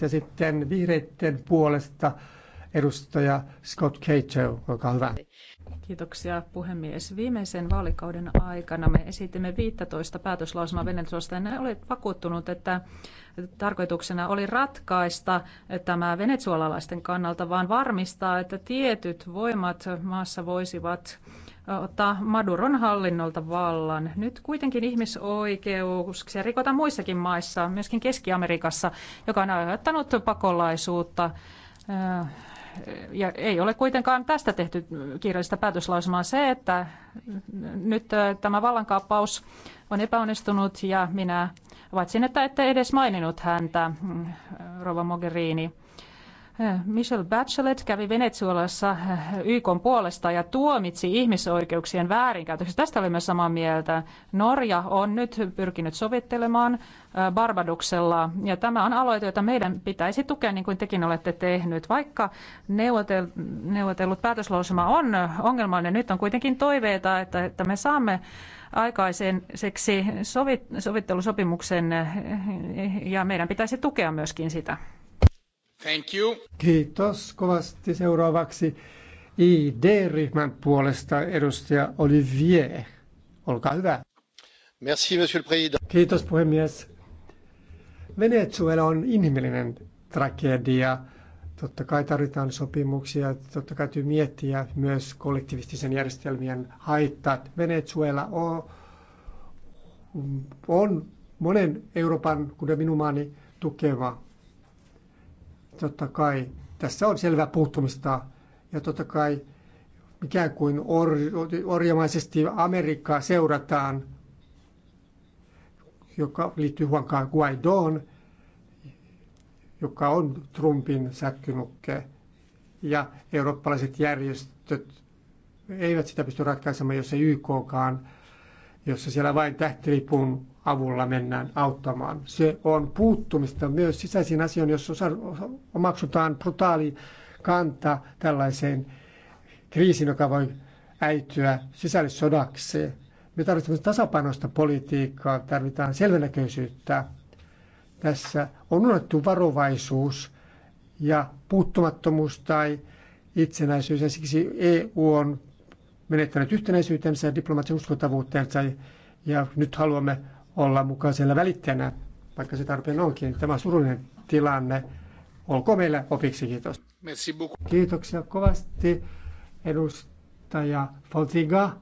ja sitten vihreiden puolesta edustaja Scott Cato, olkaa hyvä. Kiitoksia puhemies. Viimeisen vaalikauden aikana me esitimme 15 päätöslausumaa Venezuelasta. ne olivat vakuuttunut, että tarkoituksena oli ratkaista tämä venezuelalaisten kannalta, vaan varmistaa, että tietyt voimat maassa voisivat ottaa Maduron hallinnolta vallan. Nyt kuitenkin ihmisoikeuksia rikotaan muissakin maissa, myöskin Keski-Amerikassa, joka on aiheuttanut pakolaisuutta. Ja ei ole kuitenkaan tästä tehty kirjallista päätöslausumaa se, että nyt tämä vallankaappaus on epäonnistunut ja minä vaitsin, että ette edes maininnut häntä, mm, Rova Mogherini. Michelle Bachelet kävi Venezuelassa YK puolesta ja tuomitsi ihmisoikeuksien väärinkäytöksiä. Tästä olemme samaa mieltä. Norja on nyt pyrkinyt sovittelemaan äh, Barbadoksella ja tämä on aloite, jota meidän pitäisi tukea niin kuin tekin olette tehnyt. Vaikka neuvotel, neuvotellut päätöslausuma on ongelmallinen, nyt on kuitenkin toiveita, että, että me saamme aikaiseksi sovit, sovittelusopimuksen äh, ja meidän pitäisi tukea myöskin sitä. Thank you. Kiitos kovasti. Seuraavaksi ID-ryhmän puolesta edustaja Olivier. Olkaa hyvä. Merci, monsieur le président. Kiitos puhemies. Venezuela on inhimillinen tragedia. Totta kai tarvitaan sopimuksia, totta kai täytyy miettiä myös kollektivistisen järjestelmien haittat. Venezuela on, on monen Euroopan, kuten minun maani, tukeva. Totta kai tässä on selvä puuttumista ja totta kai ikään kuin or, orjamaisesti Amerikkaa seurataan, joka liittyy Juan Guaidoon, joka on Trumpin säkkynukke. Ja eurooppalaiset järjestöt eivät sitä pysty ratkaisemaan, jos ei YKkaan, jossa siellä vain tähtilipun avulla mennään auttamaan. Se on puuttumista myös sisäisiin asioihin, jos omaksutaan brutaali kanta tällaiseen kriisiin, joka voi äityä sisällissodaksi. Me tarvitsemme tasapainoista politiikkaa, tarvitaan selvänäköisyyttä. Tässä on unohdettu varovaisuus ja puuttumattomuus tai itsenäisyys. siksi EU on menettänyt yhtenäisyytensä ja diplomaattisen uskottavuutensa ja nyt haluamme olla mukaan siellä välittäjänä, vaikka se tarpeen onkin. Tämä surullinen tilanne. Olkoon meillä opiksi, kiitos. Merci beaucoup. Kiitoksia kovasti edustaja Fontiga,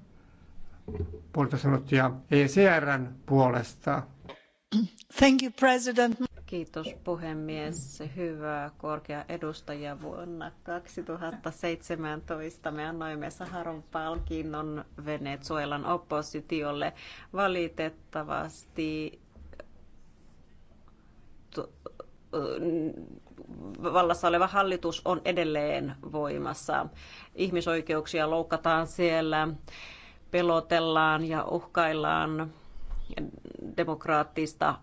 puolitoista minuuttia ECRn puolesta. Thank you, President. Kiitos puhemies. Hyvä korkea edustaja vuonna 2017 me annoimme Saharon palkinnon Venezuelan oppositiolle. Valitettavasti vallassa oleva hallitus on edelleen voimassa. Ihmisoikeuksia loukataan siellä, pelotellaan ja uhkaillaan demokraattista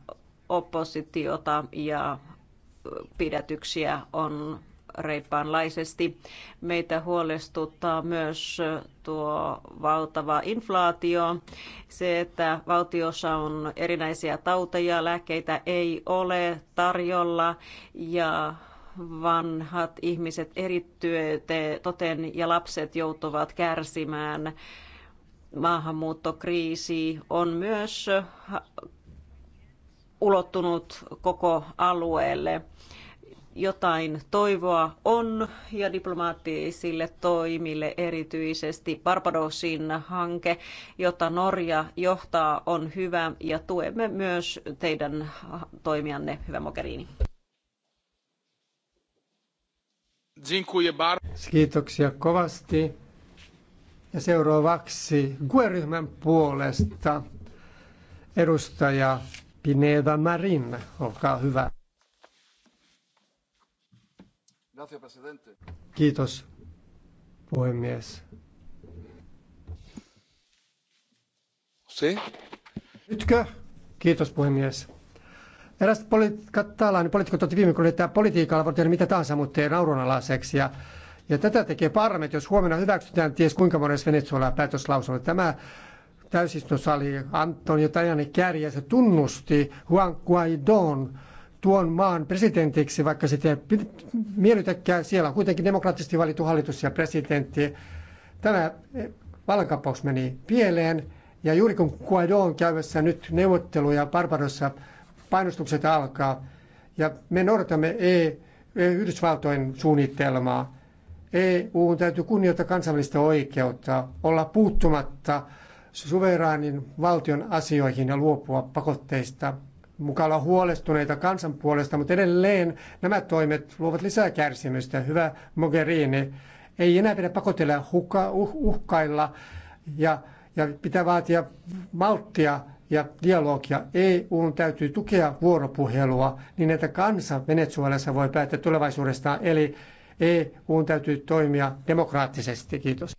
oppositiota ja pidätyksiä on reippaanlaisesti. Meitä huolestuttaa myös tuo valtava inflaatio, se, että valtiossa on erinäisiä tauteja, lääkkeitä ei ole tarjolla ja vanhat ihmiset erityisesti toten ja lapset joutuvat kärsimään maahanmuuttokriisi on myös ulottunut koko alueelle. Jotain toivoa on ja diplomaattisille toimille erityisesti Barbadosin hanke, jota Norja johtaa, on hyvä ja tuemme myös teidän toimianne, hyvä Mogherini. Kiitoksia kovasti. Ja seuraavaksi GUE-ryhmän puolesta edustaja Pineda Marin, olkaa hyvä. Kiitos, puhemies. Si? Nytkö? Kiitos, puhemies. Eräs poliit- katalainen poliitikko otti viime kuulla, että politiikalla voi tehdä mitä tahansa, mutta ei naurunalaiseksi. Ja, ja tätä tekee parmet, jos huomenna hyväksytään ties kuinka monessa Venezuelaa päätöslausunnolla. Tämä täysistuntosali Antonio Tajani se tunnusti Juan Guaidon tuon maan presidentiksi, vaikka sitä ei miellytäkään. Siellä on kuitenkin demokraattisesti valittu hallitus ja presidentti. Tämä eh, vallankapaus meni pieleen ja juuri kun Guaido on käymässä nyt neuvotteluja Barbadossa, painostukset alkaa ja me noudatamme e-, e- Yhdysvaltojen suunnitelmaa. EU täytyy kunnioittaa kansainvälistä oikeutta, olla puuttumatta suveraanin valtion asioihin ja luopua pakotteista. Mukaan on huolestuneita kansan puolesta, mutta edelleen nämä toimet luovat lisää kärsimystä. Hyvä Mogherini, ei enää pidä pakotella huka, uh, uhkailla ja, ja pitää vaatia malttia ja dialogia. EUn täytyy tukea vuoropuhelua niin, että kansa Venezuelassa voi päättää tulevaisuudestaan. Eli EUn täytyy toimia demokraattisesti. Kiitos.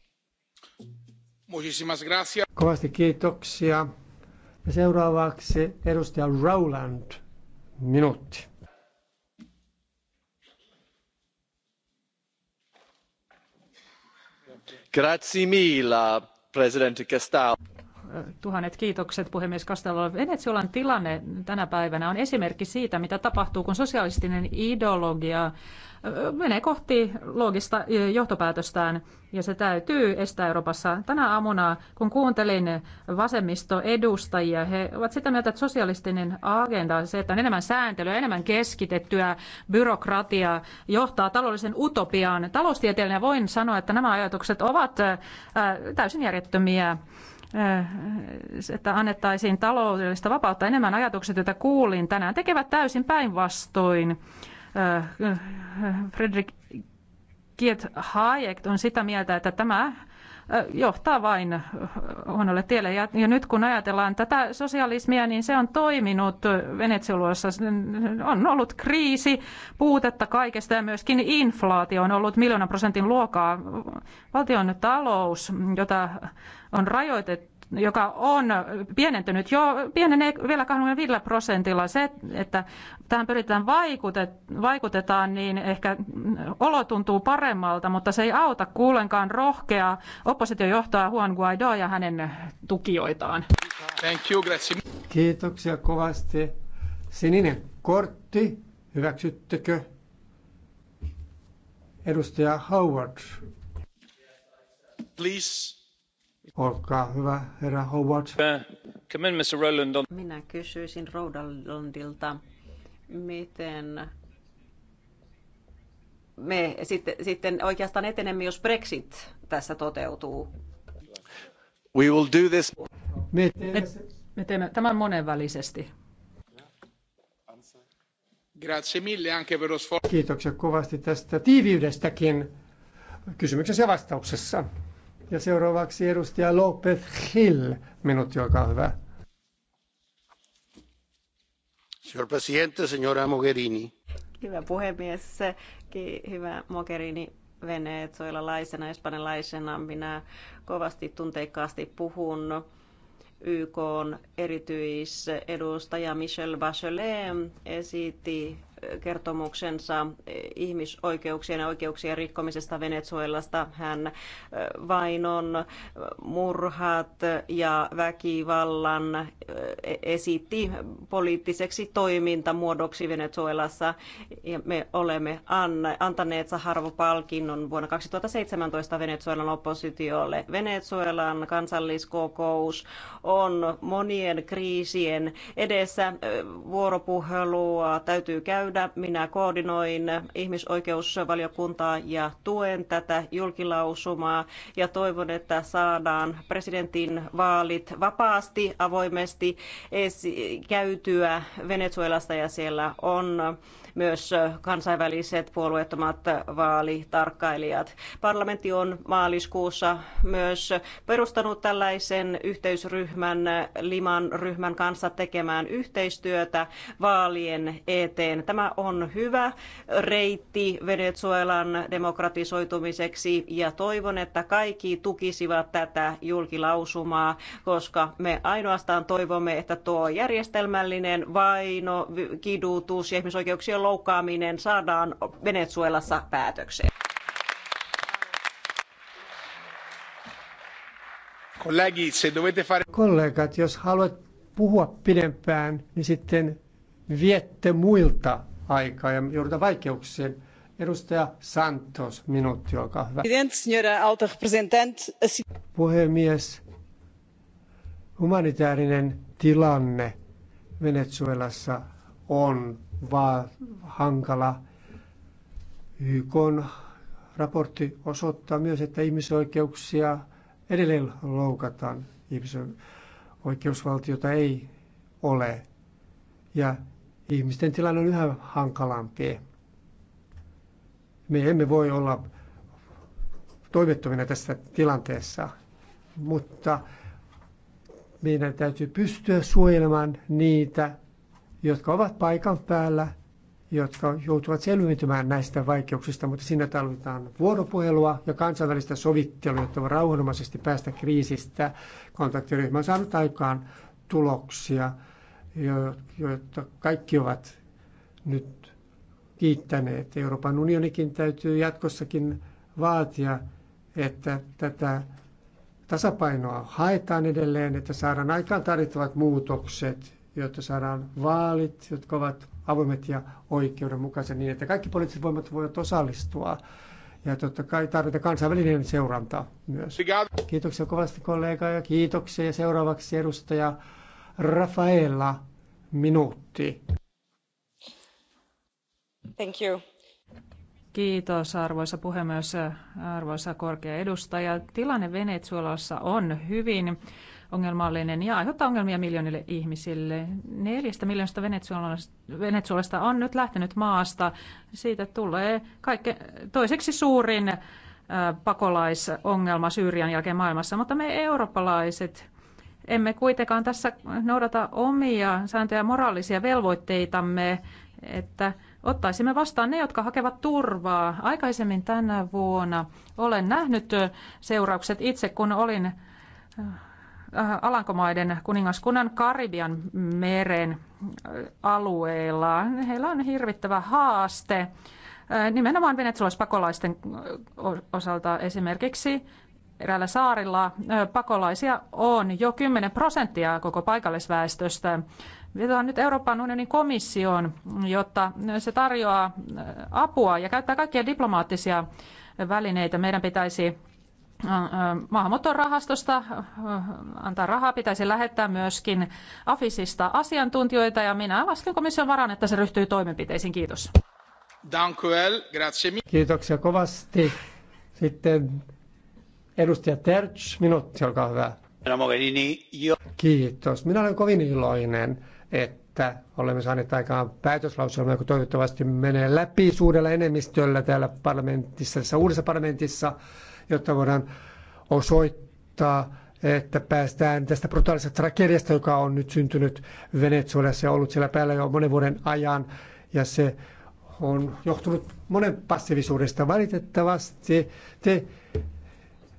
Kovasti kiitoksia. Ja seuraavaksi edustaja Rowland. Minuutti. Grazie mille, presidentti Castaldo tuhannet kiitokset puhemies Castellolle. Venetsiolan tilanne tänä päivänä on esimerkki siitä, mitä tapahtuu, kun sosialistinen ideologia menee kohti loogista johtopäätöstään ja se täytyy estää Euroopassa. Tänä aamuna, kun kuuntelin vasemmistoedustajia, he ovat sitä mieltä, että sosialistinen agenda, se, että on enemmän sääntelyä, enemmän keskitettyä byrokratiaa, johtaa taloudellisen utopiaan. taloustieteellinen. voin sanoa, että nämä ajatukset ovat täysin järjettömiä. Äh, että annettaisiin taloudellista vapautta enemmän ajatukset, joita kuulin tänään, tekevät täysin päinvastoin. Äh, äh, Fredrik Kiet Hayek on sitä mieltä, että tämä johtaa vain huonolle tielle. Ja, ja nyt kun ajatellaan tätä sosialismia, niin se on toiminut Venetsiluossa. On ollut kriisi, puutetta kaikesta ja myöskin inflaatio on ollut miljoonan prosentin luokaa. Valtion talous, jota on rajoitettu joka on pienentynyt jo, pienenee vielä 25 prosentilla. Se, että tähän pyritään vaikutet, vaikutetaan, niin ehkä olo tuntuu paremmalta, mutta se ei auta kuulenkaan rohkeaa oppositiojohtoa Juan Guaidoa ja hänen tukijoitaan. Thank you, Kiitoksia kovasti. Sininen kortti, hyväksyttekö? Edustaja Howard. Please. Olkaa hyvä, herra Howard. Uh, come in, Mr. Roland. Minä kysyisin Rolandilta, miten me sitten, sitten oikeastaan etenemme, jos Brexit tässä toteutuu? We will do this. Me teemme, me teemme tämän monenvälisesti. Kiitoksia kovasti tästä tiiviydestäkin kysymyksessä ja vastauksessa. Ja seuraavaksi edustaja Lopez Hill, minuutti, olkaa hyvä. Señor presidente, señora Mogherini. Hyvä puhemies, hyvä Mogherini venezuelalaisena, espanjalaisena minä kovasti tunteikkaasti puhun YK erityisedustaja Michel Bachelet esitti kertomuksensa ihmisoikeuksien ja oikeuksien rikkomisesta Venezuelasta. Hän vainon, murhat ja väkivallan e-, esitti poliittiseksi toimintamuodoksi Venezuelassa. Ja me olemme antaneet Saharvo-palkinnon vuonna 2017 Venezuelan oppositiolle. Venezuelan kansalliskokous on monien kriisien edessä. Vuoropuhelua täytyy käydä käydä. Minä koordinoin ihmisoikeusvaliokuntaa ja tuen tätä julkilausumaa ja toivon, että saadaan presidentin vaalit vapaasti, avoimesti käytyä Venezuelasta ja siellä on myös kansainväliset puolueettomat vaalitarkkailijat. Parlamentti on maaliskuussa myös perustanut tällaisen yhteysryhmän Liman ryhmän kanssa tekemään yhteistyötä vaalien eteen. Tämä Tämä on hyvä reitti Venezuelan demokratisoitumiseksi ja toivon, että kaikki tukisivat tätä julkilausumaa, koska me ainoastaan toivomme, että tuo järjestelmällinen vaino, kidutus ja ihmisoikeuksien loukkaaminen saadaan Venezuelassa päätökseen. Kollegat, jos haluat puhua pidempään, niin sitten viette muilta aikaa ja joudutaan vaikeuksiin. Edustaja Santos, minuutti, olkaa hyvä. Puhemies, humanitaarinen tilanne Venezuelassa on vaan hankala. YK raportti osoittaa myös, että ihmisoikeuksia edelleen loukataan. Ihmisoikeusvaltiota ei ole. Ja ihmisten tilanne on yhä hankalampi. Me emme voi olla toimettomina tässä tilanteessa, mutta meidän täytyy pystyä suojelemaan niitä, jotka ovat paikan päällä, jotka joutuvat selviytymään näistä vaikeuksista, mutta siinä tarvitaan vuoropuhelua ja kansainvälistä sovittelua, jotta voi rauhanomaisesti päästä kriisistä. Kontaktiryhmä on saanut aikaan tuloksia joita kaikki ovat nyt kiittäneet. Euroopan unionikin täytyy jatkossakin vaatia, että tätä tasapainoa haetaan edelleen, että saadaan aikaan tarvittavat muutokset, jotta saadaan vaalit, jotka ovat avoimet ja oikeudenmukaiset niin, että kaikki poliittiset voimat voivat osallistua. Ja totta kai tarvitaan kansainvälinen seuranta myös. Kiitoksia kovasti kollega ja kiitoksia. Ja seuraavaksi edustaja Rafaela minuutti. Thank you. Kiitos arvoisa puhemies, arvoisa korkea edustaja. Tilanne Venezuelassa on hyvin ongelmallinen ja aiheuttaa ongelmia miljoonille ihmisille. Neljästä miljoonasta Venezuelasta on nyt lähtenyt maasta. Siitä tulee kaikke, toiseksi suurin pakolaisongelma Syyrian jälkeen maailmassa, mutta me eurooppalaiset emme kuitenkaan tässä noudata omia sääntöjä ja moraalisia velvoitteitamme, että ottaisimme vastaan ne, jotka hakevat turvaa. Aikaisemmin tänä vuonna olen nähnyt seuraukset itse, kun olin äh, Alankomaiden kuningaskunnan Karibian meren äh, alueella. Heillä on hirvittävä haaste äh, nimenomaan venezuelaspakolaisten osalta esimerkiksi eräällä saarilla pakolaisia on jo 10 prosenttia koko paikallisväestöstä. Vetoan nyt Euroopan unionin komissioon, jotta se tarjoaa apua ja käyttää kaikkia diplomaattisia välineitä. Meidän pitäisi maahanmuuton rahastosta antaa rahaa, pitäisi lähettää myöskin AFISista asiantuntijoita ja minä lasken komission varan, että se ryhtyy toimenpiteisiin. Kiitos. Kiitoksia kovasti. Sitten Edustaja Terch, minuutti, olkaa hyvä. Kiitos. Minä olen kovin iloinen, että olemme saaneet aikaan päätöslauselmaa, joka toivottavasti menee läpi suurella enemmistöllä täällä parlamentissa, tässä uudessa parlamentissa, jotta voidaan osoittaa, että päästään tästä brutaalisesta tragediasta, joka on nyt syntynyt Venezuelassa ja ollut siellä päällä jo monen vuoden ajan. Ja se on johtunut monen passiivisuudesta. Valitettavasti te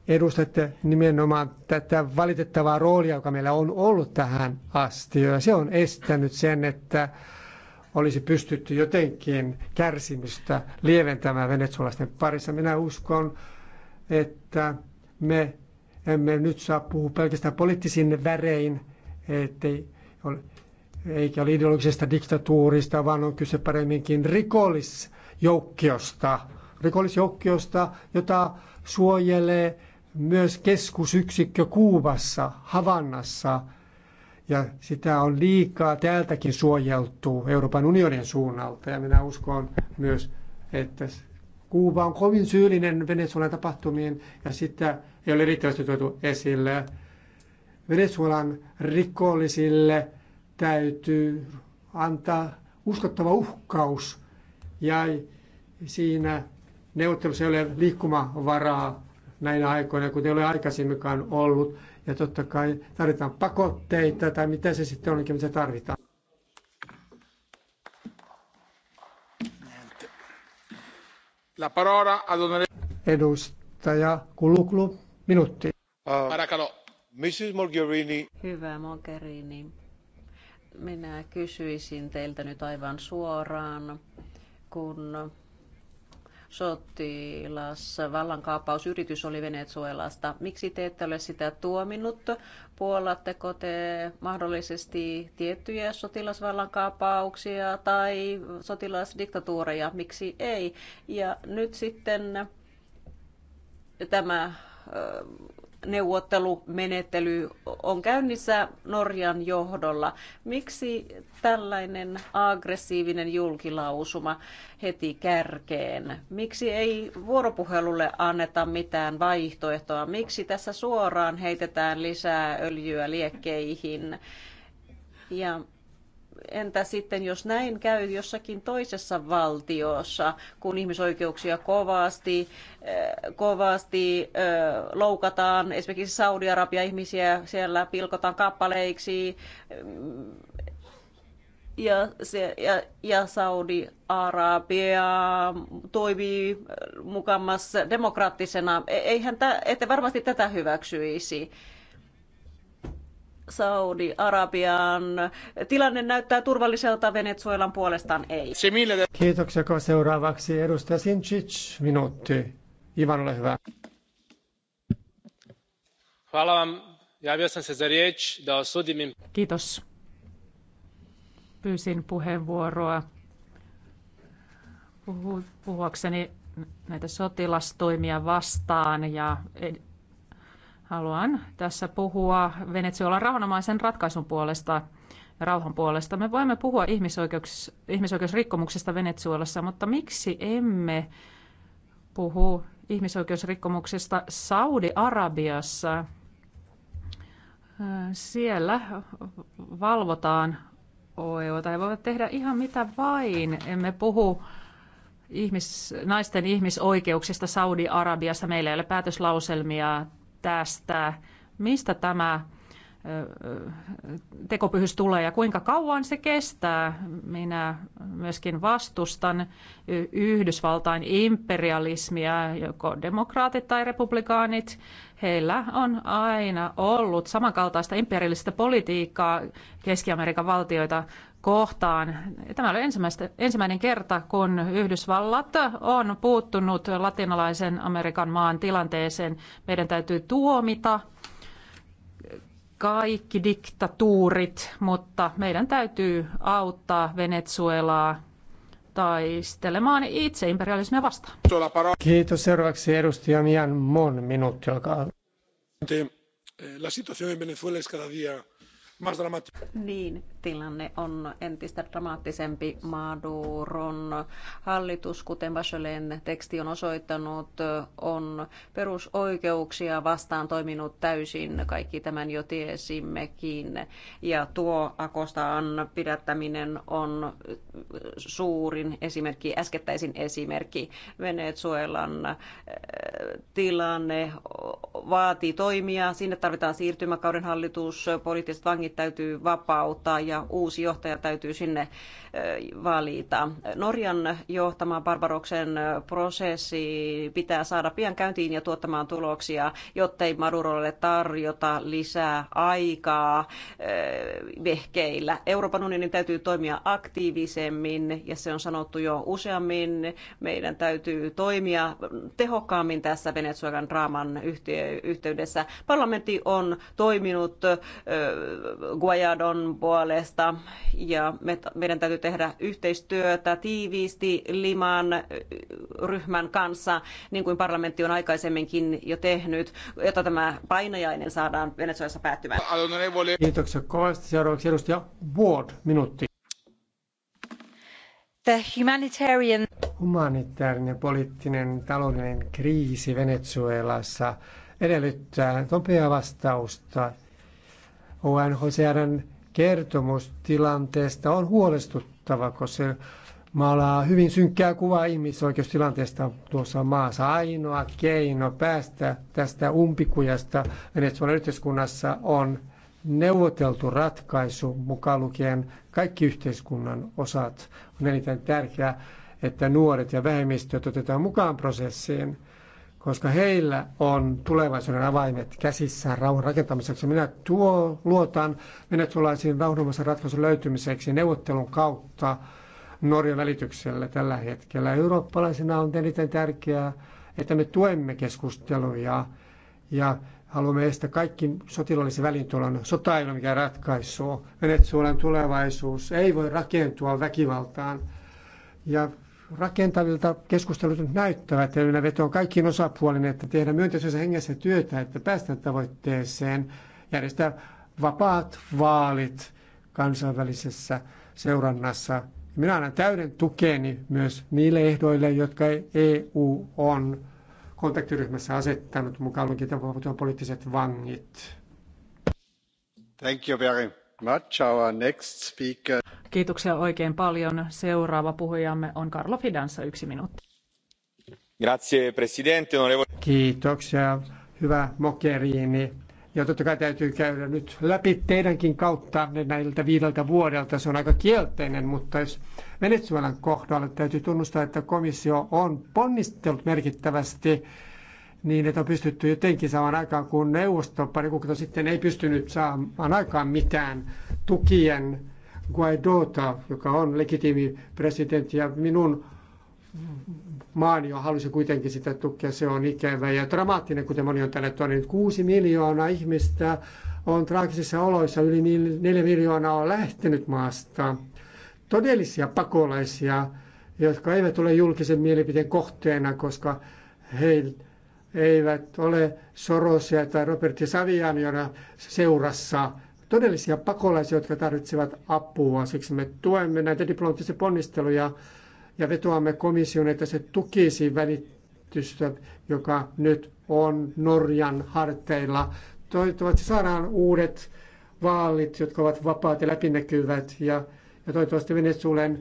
edustatte nimenomaan tätä valitettavaa roolia, joka meillä on ollut tähän asti. Ja se on estänyt sen, että olisi pystytty jotenkin kärsimystä lieventämään venezuelaisten parissa. Minä uskon, että me emme nyt saa puhua pelkästään poliittisin värein, ettei ole, eikä ole ideologisesta diktatuurista, vaan on kyse paremminkin rikollisjoukkiosta, rikollisjoukkiosta, jota suojelee myös keskusyksikkö Kuubassa, Havannassa, ja sitä on liikaa täältäkin suojeltu Euroopan unionin suunnalta. Ja minä uskon myös, että Kuuba on kovin syyllinen Venezuelan tapahtumiin ja sitä ei ole riittävästi tuotu esille. Venezuelan rikollisille täytyy antaa uskottava uhkaus ja siinä neuvottelussa ei ole liikkumavaraa näinä aikoina, kun ei ole aikaisemminkaan ollut. Ja totta kai tarvitaan pakotteita tai mitä se sitten onkin, mitä tarvitaan. La parola ad Edustaja Kuluklu, minuutti. Uh, ah. Mrs. Mogherini. Hyvä Mogherini. Minä kysyisin teiltä nyt aivan suoraan, kun sotilasvallankaappausyritys oli Venezuelasta. Miksi te ette ole sitä tuominnut? Puolatteko te mahdollisesti tiettyjä sotilasvallankaappauksia tai sotilasdiktatuureja? Miksi ei? Ja nyt sitten tämä neuvottelumenettely on käynnissä Norjan johdolla. Miksi tällainen aggressiivinen julkilausuma heti kärkeen? Miksi ei vuoropuhelulle anneta mitään vaihtoehtoa? Miksi tässä suoraan heitetään lisää öljyä liekkeihin? Ja entä sitten, jos näin käy jossakin toisessa valtiossa, kun ihmisoikeuksia kovasti, eh, kovasti eh, loukataan, esimerkiksi Saudi-Arabia ihmisiä siellä pilkotaan kappaleiksi, mm, ja, se, ja, ja Saudi-Arabia toimii mukamassa demokraattisena. E-, eihän tä, ette varmasti tätä hyväksyisi. Saudi-Arabiaan. Tilanne näyttää turvalliselta, Venezuelan puolestaan ei. Kiitoksia seuraavaksi edustaja Sinčić, minuutti. Ivan, ole hyvä. Kiitos. Pyysin puheenvuoroa puhuakseni näitä sotilastoimia vastaan ja Haluan tässä puhua Venezuelan rauhanomaisen ratkaisun puolesta rauhan puolesta. Me voimme puhua ihmisoikeus, ihmisoikeusrikkomuksesta Venezuelassa, mutta miksi emme puhu ihmisoikeusrikkomuksesta Saudi-Arabiassa? Siellä valvotaan OEOta. ja voivat tehdä ihan mitä vain. Emme puhu ihmis, naisten ihmisoikeuksista Saudi-Arabiassa. Meillä ei ole päätöslauselmia tästä, mistä tämä tekopyhys tulee ja kuinka kauan se kestää. Minä myöskin vastustan Yhdysvaltain imperialismia, joko demokraatit tai republikaanit. Heillä on aina ollut samankaltaista imperialistista politiikkaa Keski-Amerikan valtioita kohtaan. Tämä oli ensimmäinen kerta, kun Yhdysvallat on puuttunut latinalaisen Amerikan maan tilanteeseen. Meidän täytyy tuomita kaikki diktatuurit, mutta meidän täytyy auttaa Venezuelaa taistelemaan itse imperialismia vastaan. Kiitos. Seuraavaksi edustaja Mian Mon minuutti, olkaa hyvä. La situación en Venezuela es cada día niin, tilanne on entistä dramaattisempi. Maduron hallitus, kuten Bachelet'n teksti on osoittanut, on perusoikeuksia vastaan toiminut täysin. Kaikki tämän jo tiesimmekin. Ja tuo Akostaan pidättäminen on suurin esimerkki, äskettäisin esimerkki. Venezuelan äh, tilanne vaatii toimia. Sinne tarvitaan siirtymäkauden hallitus, poliittiset vangit vangit täytyy vapauttaa ja uusi johtaja täytyy sinne valita. Norjan johtama Barbaroksen prosessi pitää saada pian käyntiin ja tuottamaan tuloksia, ei Madurolle tarjota lisää aikaa vehkeillä. Euroopan unionin täytyy toimia aktiivisemmin ja se on sanottu jo useammin. Meidän täytyy toimia tehokkaammin tässä Venezuelan draaman yhteydessä. Parlamentti on toiminut Guayadon puolesta ja me, meidän täytyy tehdä yhteistyötä tiiviisti Liman ryhmän kanssa, niin kuin parlamentti on aikaisemminkin jo tehnyt, jotta tämä painajainen saadaan Venezuelassa päättymään. Kiitoksia kovasti. Seuraavaksi edustaja Ward, minuutti. The humanitarian... Humanitaarinen, poliittinen, taloudellinen kriisi Venezuelassa edellyttää nopeaa vastausta ONHCRn kertomus tilanteesta on huolestuttava, koska se maalaa hyvin synkkää kuvaa ihmisoikeustilanteesta tuossa maassa. Ainoa keino päästä tästä umpikujasta Venezuelan yhteiskunnassa on neuvoteltu ratkaisu, mukaan lukien kaikki yhteiskunnan osat. On erittäin tärkeää, että nuoret ja vähemmistöt otetaan mukaan prosessiin koska heillä on tulevaisuuden avaimet käsissään rauhan rakentamiseksi. Minä tuo, luotan venetsulaisiin rauhanomaisen ratkaisun löytymiseksi neuvottelun kautta Norjan välityksellä tällä hetkellä. Eurooppalaisena on eniten tärkeää, että me tuemme keskusteluja ja haluamme estää kaikki sotilaallisen välintulon. Sota ei ole mikään ratkaisu. Venezuelan tulevaisuus ei voi rakentua väkivaltaan. Ja rakentavilta keskustelut nyt näyttävät, ja minä vetoan kaikkiin osapuolin, että tehdään myönteisessä hengessä työtä, että päästään tavoitteeseen, järjestää vapaat vaalit kansainvälisessä seurannassa. Minä annan täyden tukeni myös niille ehdoille, jotka EU on kontaktiryhmässä asettanut, mukaan lukien poliittiset vangit. Thank you very much. Our next speaker. Kiitoksia oikein paljon. Seuraava puhujamme on Karlo Fidanssa, yksi minuutti. Grazie, presidente. Kiitoksia, hyvä Mokeriini. Ja totta kai täytyy käydä nyt läpi teidänkin kautta näiltä viideltä vuodelta. Se on aika kielteinen, mutta jos Venezuelan kohdalla täytyy tunnustaa, että komissio on ponnistellut merkittävästi niin, että on pystytty jotenkin saamaan aikaan, kun neuvosto pari kuukautta sitten ei pystynyt saamaan aikaan mitään tukien Guaidota, joka on legitiimi presidentti ja minun maani on halusin kuitenkin sitä tukea. Se on ikävä ja dramaattinen, kuten moni on tänne tuonut. Kuusi miljoonaa ihmistä on traagisissa oloissa, yli neljä miljoonaa on lähtenyt maasta. Todellisia pakolaisia, jotka eivät ole julkisen mielipiteen kohteena, koska heillä eivät ole Sorosia tai Roberti Savianiona seurassa – todellisia pakolaisia, jotka tarvitsevat apua. Siksi me tuemme näitä diplomaattisia ponnisteluja ja vetoamme komission, että se tukisi välitystä, joka nyt on Norjan harteilla. Toivottavasti saadaan uudet vaalit, jotka ovat vapaat ja läpinäkyvät ja, ja toivottavasti Venezuelan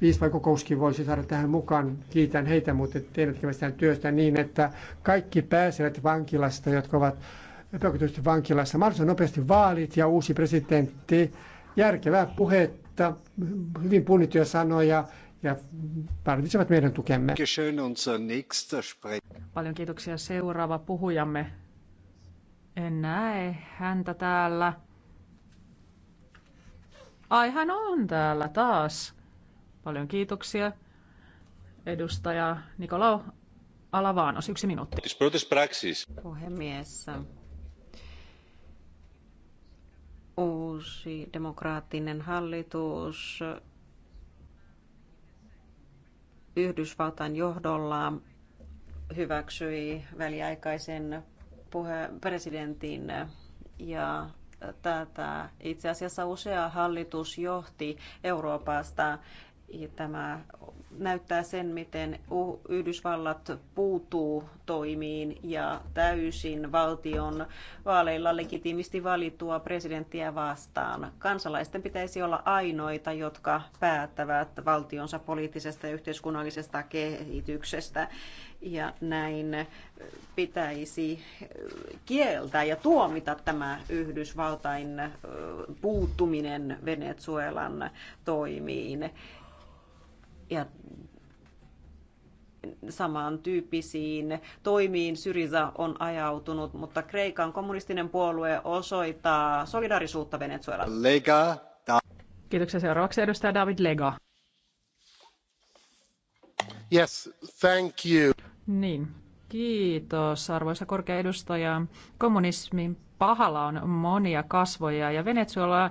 viisvain kokouskin voisi saada tähän mukaan. Kiitän heitä, mutta teidän työstä niin, että kaikki pääsevät vankilasta, jotka ovat epäkohtuisesti vankilassa. Mahdollisimman nopeasti vaalit ja uusi presidentti. Järkevää puhetta, hyvin punnittuja sanoja ja tarvitsevat meidän tukemme. Paljon kiitoksia. Seuraava puhujamme. En näe häntä täällä. Ai hän on täällä taas. Paljon kiitoksia. Edustaja Nikolao Alavaanos, yksi minuutti. Puhemies, uusi demokraattinen hallitus Yhdysvaltain johdolla hyväksyi väliaikaisen puhe- presidentin ja tätä itse asiassa usea hallitus johti Euroopasta ja tämä näyttää sen, miten Yhdysvallat puutuu toimiin ja täysin valtion vaaleilla legitiimisti valittua presidenttiä vastaan. Kansalaisten pitäisi olla ainoita, jotka päättävät valtionsa poliittisesta ja yhteiskunnallisesta kehityksestä. Ja näin pitäisi kieltää ja tuomita tämä Yhdysvaltain puuttuminen Venezuelan toimiin ja samantyyppisiin toimiin Syriza on ajautunut, mutta Kreikan kommunistinen puolue osoittaa solidarisuutta Venezuelan. Lega. Da. Kiitoksia. Seuraavaksi edustaja David Lega. Yes, thank you. Niin, kiitos arvoisa korkea edustaja. Kommunismin pahalla on monia kasvoja ja Venezuela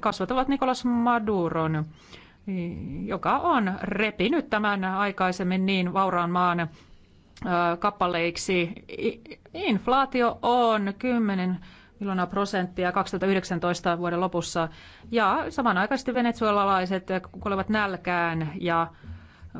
kasvatavat Nicolas Maduron joka on repinyt tämän aikaisemmin niin vauraan maan kappaleiksi. Inflaatio on 10 miljoonaa prosenttia 2019 vuoden lopussa ja samanaikaisesti venezuelalaiset kuolevat nälkään ja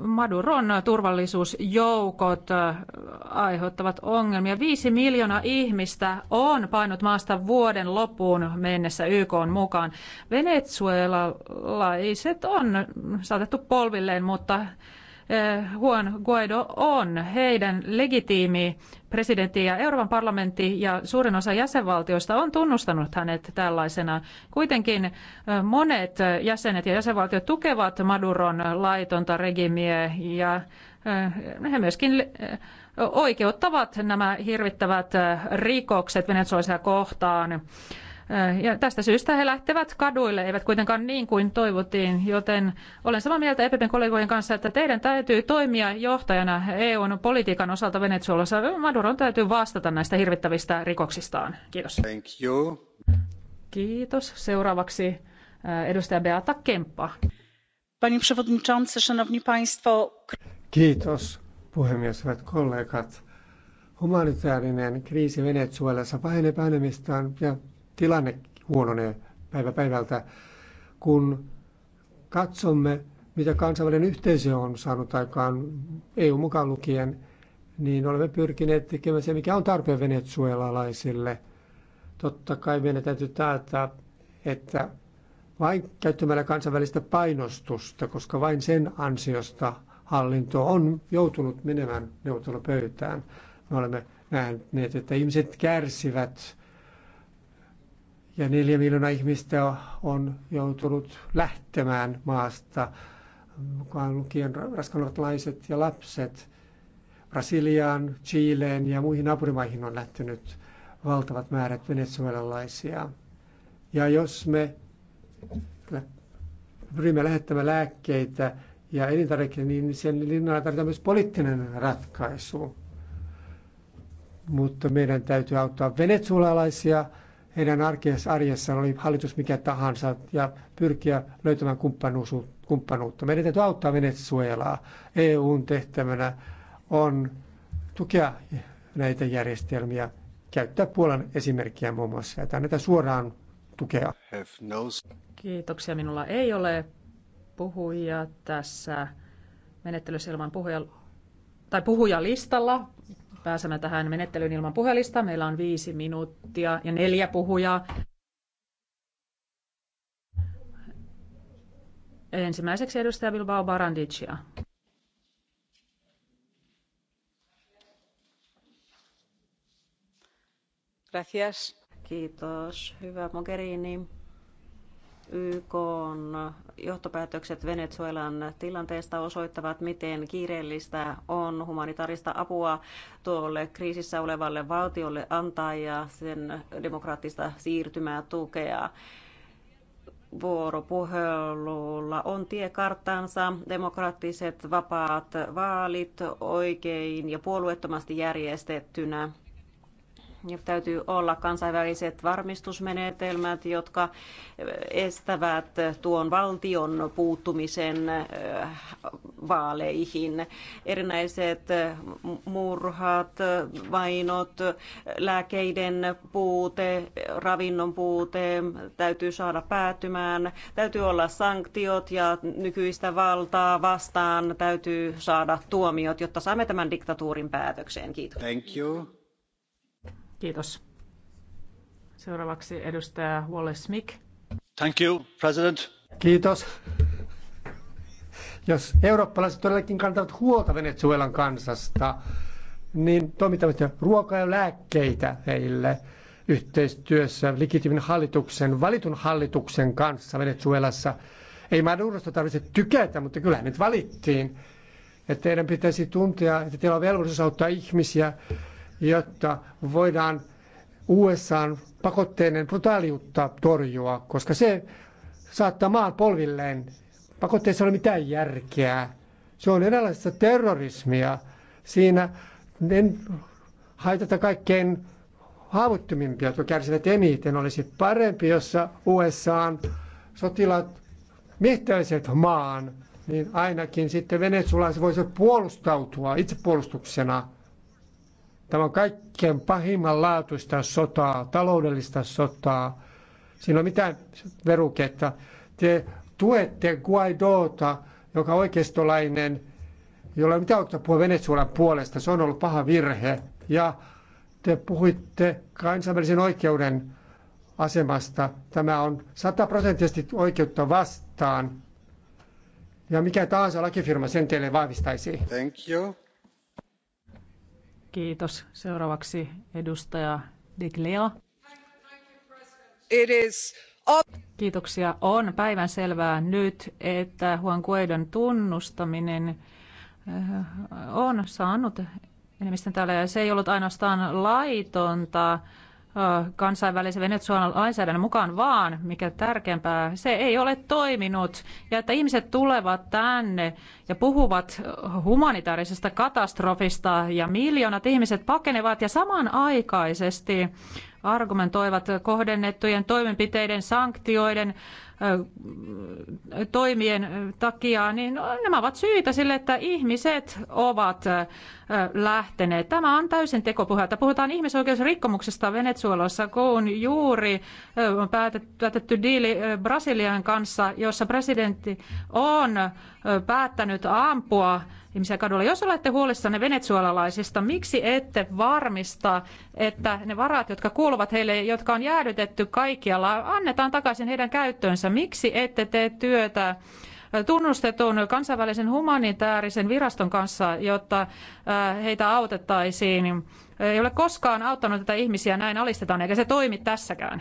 Maduron turvallisuusjoukot äh, aiheuttavat ongelmia. Viisi miljoonaa ihmistä on painut maasta vuoden loppuun mennessä YK on mukaan. Venezuelalaiset on saatettu polvilleen, mutta Eh, Juan Guaido on heidän legitiimi presidentti ja Euroopan parlamentti ja suurin osa jäsenvaltioista on tunnustanut hänet tällaisena. Kuitenkin eh, monet jäsenet ja jäsenvaltiot tukevat Maduron laitonta regimiä ja eh, he myöskin oikeuttavat nämä hirvittävät rikokset Venezuelaa kohtaan. Äh, ja tästä syystä he lähtevät kaduille, eivät kuitenkaan niin kuin toivottiin, joten olen samaa mieltä EPPn kollegojen kanssa, että teidän täytyy toimia johtajana EUn politiikan osalta Venezuelassa. Maduron täytyy vastata näistä hirvittävistä rikoksistaan. Kiitos. Thank you. Kiitos. Seuraavaksi äh, edustaja Beata Kemppa. Kiitos puhemies, hyvät kollegat. Humanitaarinen kriisi Venezuelassa pahenee painemistaan ja tilanne huononee päivä päivältä, kun katsomme, mitä kansainvälinen yhteisö on saanut aikaan EU mukaan lukien, niin olemme pyrkineet tekemään se, mikä on tarpeen venezuelalaisille. Totta kai meidän täytyy taata, että vain käyttämällä kansainvälistä painostusta, koska vain sen ansiosta hallinto on joutunut menemään neuvottelupöytään. Me olemme nähneet, että ihmiset kärsivät ja neljä miljoonaa ihmistä on joutunut lähtemään maasta, mukaan lukien raskaanlaiset ja lapset. Brasiliaan, Chileen ja muihin naapurimaihin on lähtenyt valtavat määrät venezuelalaisia. Ja jos me pyrimme lähettämään lääkkeitä ja elintarvikkeita, niin sen linnalla tarvitaan myös poliittinen ratkaisu. Mutta meidän täytyy auttaa venezuelalaisia – heidän arjessa oli hallitus mikä tahansa ja pyrkiä löytämään kumppanuutta. Meidän täytyy auttaa Venezuelaa. EUn tehtävänä on tukea näitä järjestelmiä, käyttää Puolan esimerkkiä muun muassa, ja näitä suoraan tukea. Kiitoksia. Minulla ei ole puhuja tässä menettelyssä ilman puhuja, tai puhujalistalla pääsemme tähän menettelyyn ilman puhelista. Meillä on viisi minuuttia ja neljä puhujaa. Ensimmäiseksi edustaja Bilbao Barandicia. Gracias. Kiitos. Hyvä Mogherini YK on johtopäätökset Venezuelan tilanteesta osoittavat, miten kiireellistä on humanitaarista apua tuolle kriisissä olevalle valtiolle antaa ja sen demokraattista siirtymää tukea vuoropuhelulla on tiekarttansa demokraattiset vapaat vaalit oikein ja puolueettomasti järjestettynä ja täytyy olla kansainväliset varmistusmenetelmät, jotka estävät tuon valtion puuttumisen äh, vaaleihin. Erinäiset murhat, vainot, lääkeiden puute, ravinnon puute täytyy saada päätymään. Täytyy olla sanktiot ja nykyistä valtaa vastaan täytyy saada tuomiot, jotta saamme tämän diktatuurin päätökseen. Kiitos. Thank you. Kiitos. Seuraavaksi edustaja Wallace-Smith. Thank you, President. Kiitos. Jos eurooppalaiset todellakin kantavat huolta Venezuelan kansasta, niin toimittavat ruokaa ja lääkkeitä heille yhteistyössä legitiimin hallituksen, valitun hallituksen kanssa Venezuelassa. Ei Madurosta tarvitse tykätä, mutta kyllä nyt valittiin. Että teidän pitäisi tuntea, että teillä on velvollisuus auttaa ihmisiä jotta voidaan USAn pakotteiden brutaaliutta torjua, koska se saattaa maan polvilleen. Pakotteissa ei ole mitään järkeä. Se on eräänlaista terrorismia. Siinä en haitata kaikkein haavoittumimpia, jotka kärsivät eniten. Olisi parempi, jossa USAn sotilaat miehtäisivät maan, niin ainakin sitten venezuelaiset voisivat puolustautua itsepuolustuksena – Tämä on kaikkein pahimman laatuista sotaa, taloudellista sotaa. Siinä on mitään veruketta. Te tuette Guaidota, joka on oikeistolainen, jolla ei mitään oikeutta puhua Venezuelan puolesta. Se on ollut paha virhe. Ja te puhuitte kansainvälisen oikeuden asemasta. Tämä on sataprosenttisesti oikeutta vastaan. Ja mikä tahansa lakifirma sen teille vahvistaisi. Thank you. Kiitos. Seuraavaksi edustaja De Glea. It is Kiitoksia. On päivän selvää nyt, että Juan Guaidon tunnustaminen eh, on saanut enemmistön täällä, ja se ei ollut ainoastaan laitonta, kansainvälisen venezuelan lainsäädännön mukaan, vaan, mikä tärkeämpää, se ei ole toiminut. Ja että ihmiset tulevat tänne ja puhuvat humanitaarisesta katastrofista ja miljoonat ihmiset pakenevat ja samanaikaisesti argumentoivat kohdennettujen toimenpiteiden, sanktioiden, toimien takia, niin nämä ovat syitä sille, että ihmiset ovat lähteneet. Tämä on täysin tekopuhetta. Puhutaan ihmisoikeusrikkomuksesta Venezuelassa, kun juuri on päätetty, päätetty diili Brasilian kanssa, jossa presidentti on päättänyt ampua ihmisiä kadulla. Jos olette huolissanne venezuelalaisista, miksi ette varmista, että ne varat, jotka kuuluvat heille, jotka on jäädytetty kaikkialla, annetaan takaisin heidän käyttöönsä? kanssa. Miksi ette tee työtä tunnustetun kansainvälisen humanitaarisen viraston kanssa, jotta äh, heitä autettaisiin? Ei ole koskaan auttanut tätä ihmisiä näin alistetaan, eikä se toimi tässäkään.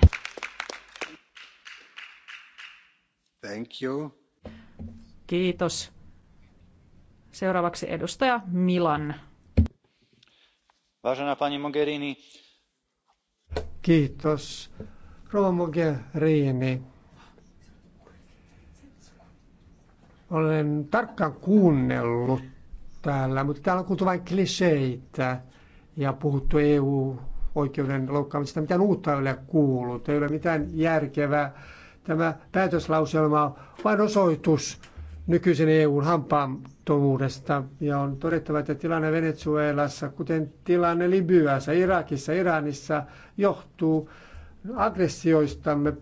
Thank you. Kiitos. Seuraavaksi edustaja Milan. Vážená pani Mogherini. Kiitos. Rouva Mogherini, Olen tarkkaan kuunnellut täällä, mutta täällä on kuultu vain kliseitä ja puhuttu EU-oikeuden loukkaamisesta. Mitään uutta ei ole kuullut, ei ole mitään järkevää. Tämä päätöslauselma on vain osoitus nykyisen EUn hampaantomuudesta. Ja on todettava, että tilanne Venezuelassa, kuten tilanne Libyassa, Irakissa, Iranissa, johtuu aggressioistamme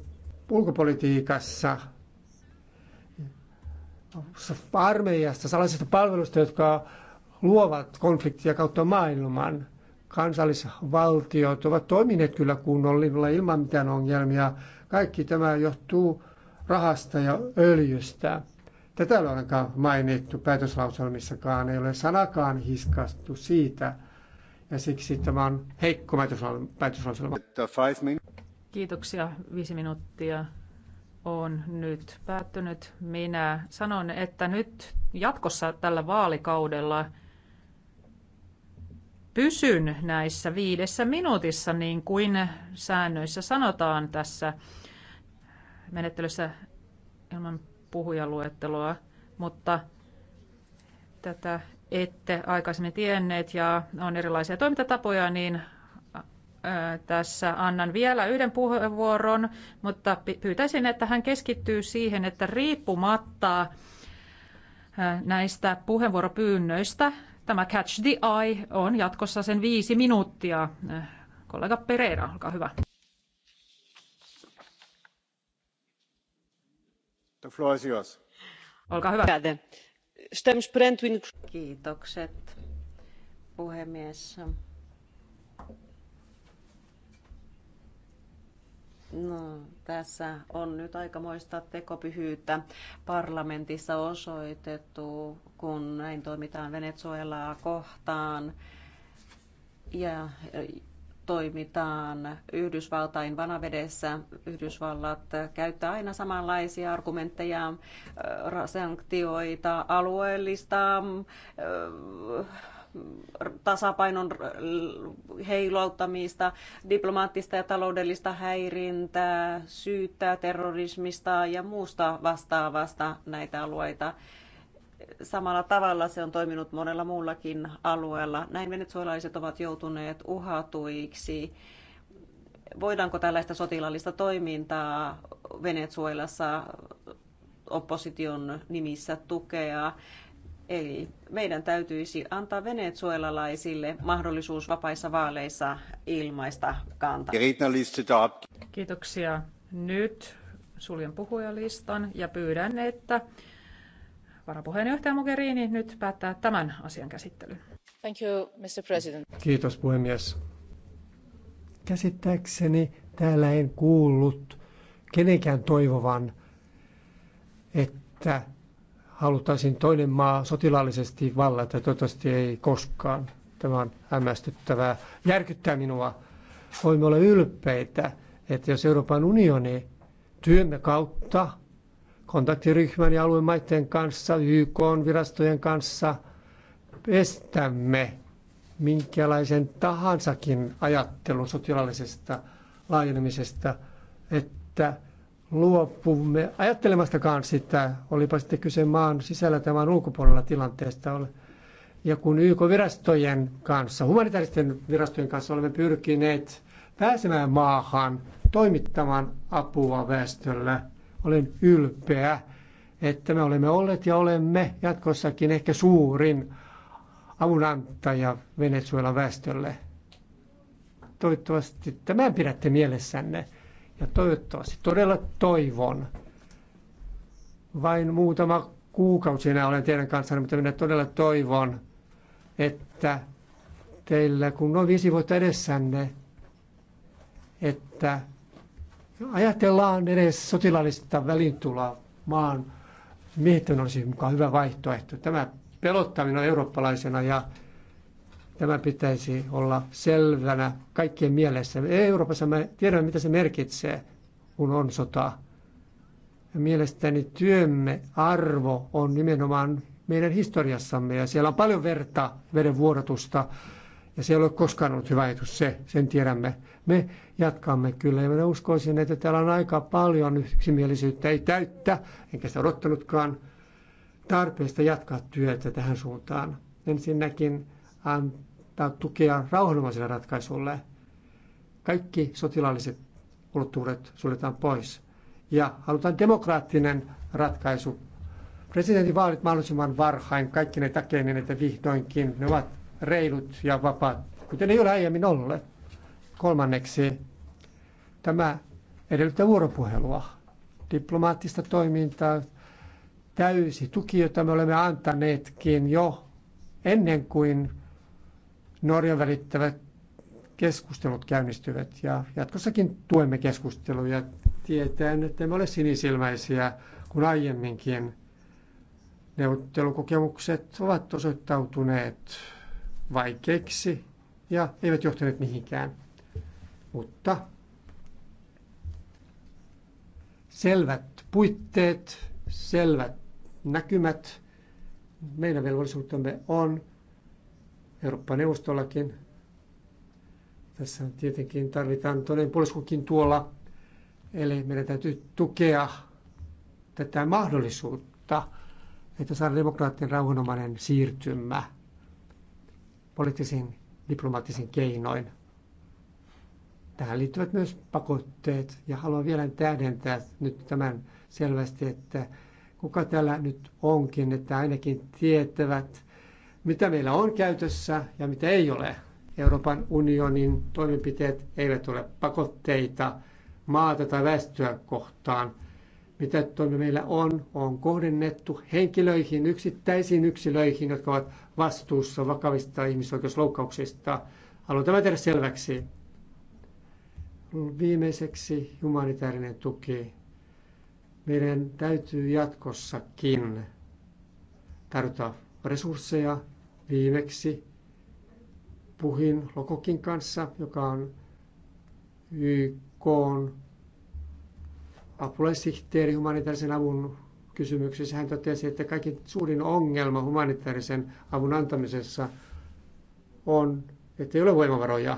ulkopolitiikassa – armeijasta, salaisista palveluista, jotka luovat konfliktia kautta maailman. Kansallisvaltiot ovat toimineet kyllä kunnollilla ilman mitään ongelmia. Kaikki tämä johtuu rahasta ja öljystä. Tätä ei ole ainakaan mainittu päätöslauselmissakaan, ei ole sanakaan hiskastu siitä. Ja siksi tämä on heikko päätöslauselma. Kiitoksia. Viisi minuuttia on nyt päättynyt. Minä sanon, että nyt jatkossa tällä vaalikaudella pysyn näissä viidessä minuutissa, niin kuin säännöissä sanotaan tässä menettelyssä ilman puhujaluetteloa, mutta tätä ette aikaisemmin tienneet ja on erilaisia toimintatapoja, niin tässä annan vielä yhden puheenvuoron, mutta pyytäisin, että hän keskittyy siihen, että riippumatta näistä puheenvuoropyynnöistä, tämä Catch the Eye on jatkossa sen viisi minuuttia. Kollega Pereira, olkaa hyvä. The floor is yours. Olkaa hyvä. Kiitokset, puhemies No, tässä on nyt aikamoista tekopyhyyttä parlamentissa osoitettu, kun näin toimitaan Venezuelaa kohtaan ja toimitaan Yhdysvaltain vanavedessä. Yhdysvallat käyttää aina samanlaisia argumentteja, sanktioita, alueellista tasapainon heilauttamista, diplomaattista ja taloudellista häirintää, syyttää terrorismista ja muusta vastaavasta näitä alueita. Samalla tavalla se on toiminut monella muullakin alueella. Näin venezuelalaiset ovat joutuneet uhatuiksi voidaanko tällaista sotilaallista toimintaa Venezuelassa opposition nimissä tukea. Eli meidän täytyisi antaa venezuelalaisille mahdollisuus vapaissa vaaleissa ilmaista kantaa. Kiitoksia. Nyt suljen puhujalistan ja pyydän, että varapuheenjohtaja Mogherini nyt päättää tämän asian käsittelyn. Thank you, Mr. President. Kiitos puhemies. Käsittääkseni täällä en kuullut kenenkään toivovan, että haluttaisiin toinen maa sotilaallisesti vallata. Toivottavasti ei koskaan. Tämä on hämmästyttävää. Järkyttää minua. Voimme olla ylpeitä, että jos Euroopan unioni työmme kautta, kontaktiryhmän ja alueen maiden kanssa, YK-virastojen kanssa, estämme minkälaisen tahansakin ajattelun sotilaallisesta laajenemisesta, että luopumme ajattelemastakaan sitä, olipa sitten kyse maan sisällä tai maan ulkopuolella tilanteesta. Ja kun YK-virastojen kanssa, humanitaaristen virastojen kanssa olemme pyrkineet pääsemään maahan toimittamaan apua väestölle, olen ylpeä, että me olemme olleet ja olemme jatkossakin ehkä suurin avunantaja Venezuelan väestölle. Toivottavasti tämän pidätte mielessänne ja toivottavasti todella toivon. Vain muutama kuukausi enää olen teidän kanssanne, mutta minä todella toivon, että teillä kun on viisi vuotta edessänne, että ajatellaan edes sotilaallista välintuloa maan miehittäminen olisi mukaan hyvä vaihtoehto. Tämä pelottaminen on eurooppalaisena ja Tämä pitäisi olla selvänä kaikkien mielessä. Euroopassa me tiedämme, mitä se merkitsee, kun on sota. Ja mielestäni työmme arvo on nimenomaan meidän historiassamme ja siellä on paljon verta, vuodatusta. ja se ei ole koskaan ollut hyvä ajatus se, sen tiedämme. Me jatkamme kyllä ja minä uskoisin, että täällä on aika paljon yksimielisyyttä, ei täyttä, enkä sitä odottanutkaan tarpeesta jatkaa työtä tähän suuntaan. Ensinnäkin antaa tukea rauhanomaiselle ratkaisulle. Kaikki sotilaalliset ulottuvuudet suljetaan pois. Ja halutaan demokraattinen ratkaisu. Presidentinvaalit mahdollisimman varhain, kaikki ne takeineen, niin että vihdoinkin ne ovat reilut ja vapaat, kuten ei ole aiemmin ollut. Kolmanneksi, tämä edellyttää vuoropuhelua, diplomaattista toimintaa, täysi tuki, jota me olemme antaneetkin jo ennen kuin Norjan välittävät keskustelut käynnistyvät ja jatkossakin tuemme keskusteluja tietäen, että emme ole sinisilmäisiä kuin aiemminkin. Neuvottelukokemukset ovat osoittautuneet vaikeiksi ja eivät johtaneet mihinkään. Mutta selvät puitteet, selvät näkymät meidän velvollisuutemme on Eurooppa-neuvostollakin. Tässä tietenkin tarvitaan toinen puoliskukin tuolla, eli meidän täytyy tukea tätä mahdollisuutta, että saadaan demokraattien rauhanomainen siirtymä poliittisiin diplomaattisiin keinoin. Tähän liittyvät myös pakotteet ja haluan vielä tähdentää nyt tämän selvästi, että kuka täällä nyt onkin, että ainakin tietävät, mitä meillä on käytössä ja mitä ei ole. Euroopan unionin toimenpiteet eivät ole pakotteita maata tai väestöä kohtaan. Mitä toimia meillä on, on kohdennettu henkilöihin, yksittäisiin yksilöihin, jotka ovat vastuussa vakavista ihmisoikeusloukkauksista. Haluan tämä tehdä selväksi. Viimeiseksi humanitaarinen tuki. Meidän täytyy jatkossakin tarjota resursseja Viimeksi puhin Lokokin kanssa, joka on YK on humanitaarisen avun kysymyksessä. Hän totesi, että kaikki suurin ongelma humanitaarisen avun antamisessa on, että ei ole voimavaroja